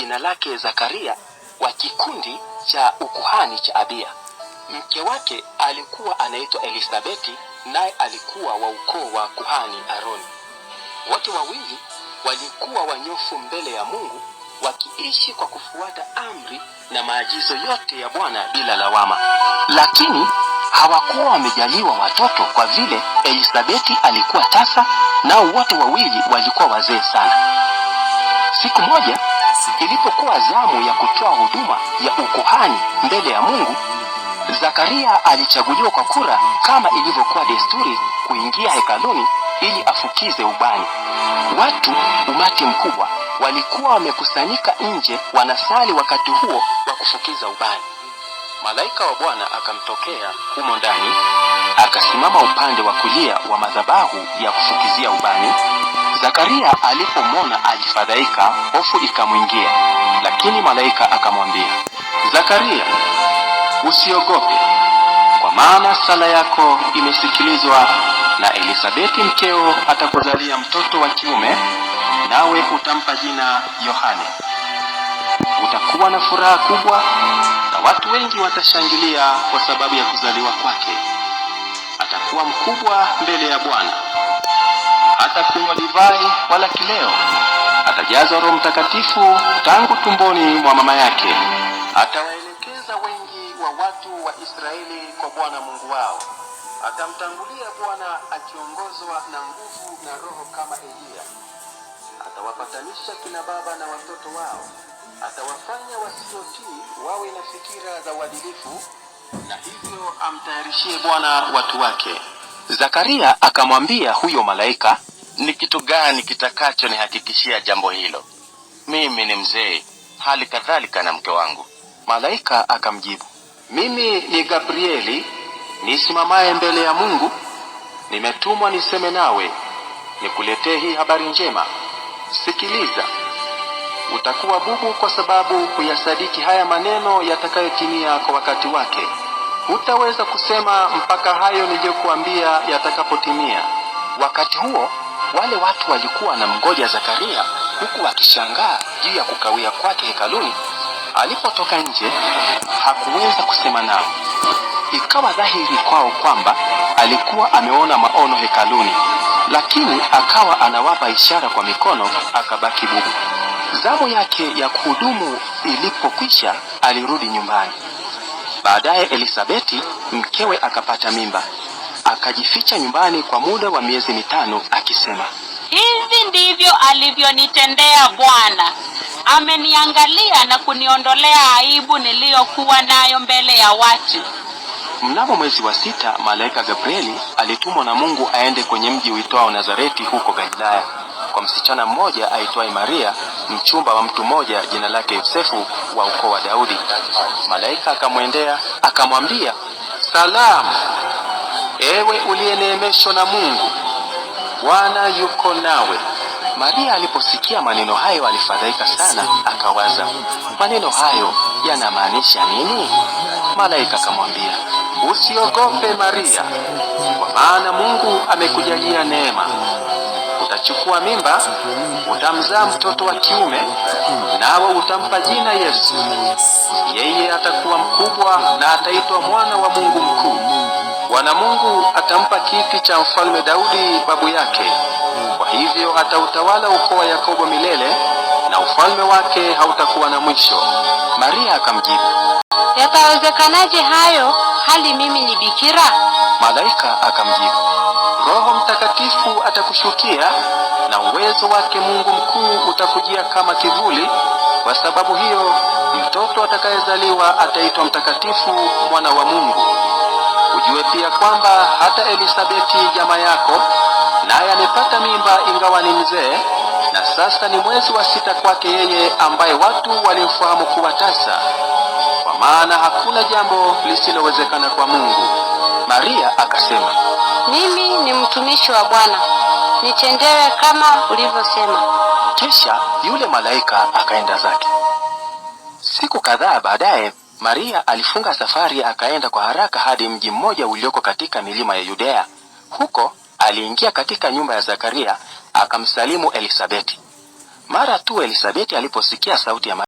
jina lake Zakaria wa kikundi cha ukuhani cha Abia. Mke wake alikuwa anaitwa Elisabeti, naye alikuwa wa ukoo wa kuhani Aroni. Wote wawili walikuwa wanyofu mbele ya Mungu, wakiishi kwa kufuata amri na maagizo yote ya Bwana bila lawama, lakini hawakuwa wamejaliwa watoto kwa vile Elisabeti alikuwa tasa, nao wote wawili walikuwa wazee sana. Siku moja basi ilipokuwa zamu ya kutoa huduma ya ukohani mbele ya Mungu, Zakaria alichaguliwa kwa kura kama ilivyokuwa desturi kuingia hekaluni ili afukize ubani. Watu, umati mkubwa, walikuwa wamekusanyika nje wanasali wakati huo wa kufukiza ubani. Malaika wa Bwana akamtokea humo ndani, akasimama upande wa kulia wa madhabahu ya kufukizia ubani. Zakaria alipomwona alifadhaika, hofu ikamwingia. Lakini malaika akamwambia, Zakaria, usiogope, kwa maana sala yako imesikilizwa, na Elisabeti mkeo atakuzalia mtoto wa kiume, nawe utampa jina Yohane. Utakuwa na furaha kubwa, na watu wengi watashangilia kwa sababu ya kuzaliwa kwake. Atakuwa mkubwa mbele ya Bwana hata kunywa divai wala kileo, atajazwa Roho Mtakatifu tangu tumboni mwa mama yake. Atawaelekeza wengi wa watu wa Israeli kwa Bwana Mungu wao. Atamtangulia Bwana akiongozwa na nguvu na Roho kama Eliya. Atawapatanisha kina baba na watoto wao, atawafanya wasiotii wawe na fikira za uadilifu, na hivyo amtayarishie Bwana watu wake. Zakaria akamwambia huyo malaika, ni kitu gani kitakachonihakikishia jambo hilo? Mimi ni mzee, hali kadhalika na mke wangu. Malaika akamjibu, mimi ni Gabrieli nisimamaye mbele ya Mungu, nimetumwa niseme nawe nikuletee hii habari njema. Sikiliza, utakuwa bubu kwa sababu huyasadiki haya maneno yatakayotimia kwa wakati wake hutaweza kusema mpaka hayo niliyokuambia yatakapotimia. Wakati huo wale watu walikuwa na mgoja Zakaria huku wakishangaa juu ya kukawia kwake hekaluni. Alipotoka nje hakuweza kusema nao, ikawa dhahiri kwao kwamba alikuwa ameona maono hekaluni, lakini akawa anawapa ishara kwa mikono, akabaki bubu. Zamu yake ya kuhudumu ilipokwisha, alirudi nyumbani. Baadaye Elisabeti mkewe akapata mimba, akajificha nyumbani kwa muda wa miezi mitano akisema, hivi ndivyo alivyonitendea Bwana, ameniangalia na kuniondolea aibu niliyokuwa nayo mbele ya watu. Mnamo mwezi wa sita, malaika Gabrieli alitumwa na Mungu aende kwenye mji uitwao Nazareti huko Galilaya kwa msichana mmoja aitwaye Maria, mchumba wa mtu mmoja jina lake Yosefu wa ukoo wa Daudi. Malaika akamwendea akamwambia, salamu, ewe uliyeneemeshwa na Mungu, Bwana yuko nawe. Maria aliposikia maneno hayo alifadhaika sana, akawaza maneno hayo yanamaanisha nini? Malaika akamwambia Usiogope Maria, kwa maana Mungu amekujalia neema. Utachukua mimba, utamzaa mtoto wa kiume, nawe utampa jina Yesu. Yeye atakuwa mkubwa na ataitwa mwana wa Mungu mkuu. Bwana Mungu atampa kiti cha mfalme Daudi babu yake, kwa hivyo atautawala ukoo wa Yakobo milele na ufalme wake hautakuwa na mwisho. Maria akamjibu, yatawezekanaje hayo hali mimi ni bikira? Malaika akamjibu, Roho Mtakatifu atakushukia na uwezo wake Mungu mkuu utakujia kama kivuli. Kwa sababu hiyo, mtoto atakayezaliwa ataitwa mtakatifu, mwana wa Mungu. Ujue pia kwamba hata Elisabeti jamaa yako naye amepata mimba, ingawa ni mzee na sasa ni mwezi wa sita kwake yeye, ambaye watu walimfahamu kuwa tasa, kwa maana hakuna jambo lisilowezekana kwa Mungu. Maria akasema, mimi ni mtumishi wa Bwana, nitendewe kama ulivyosema. Kisha yule malaika akaenda zake. Siku kadhaa baadaye Maria alifunga safari akaenda kwa haraka hadi mji mmoja ulioko katika milima ya Yudea. Huko aliingia katika nyumba ya Zakaria akamsalimu Elisabeti. Mara tu Elisabeti aliposikia sauti ya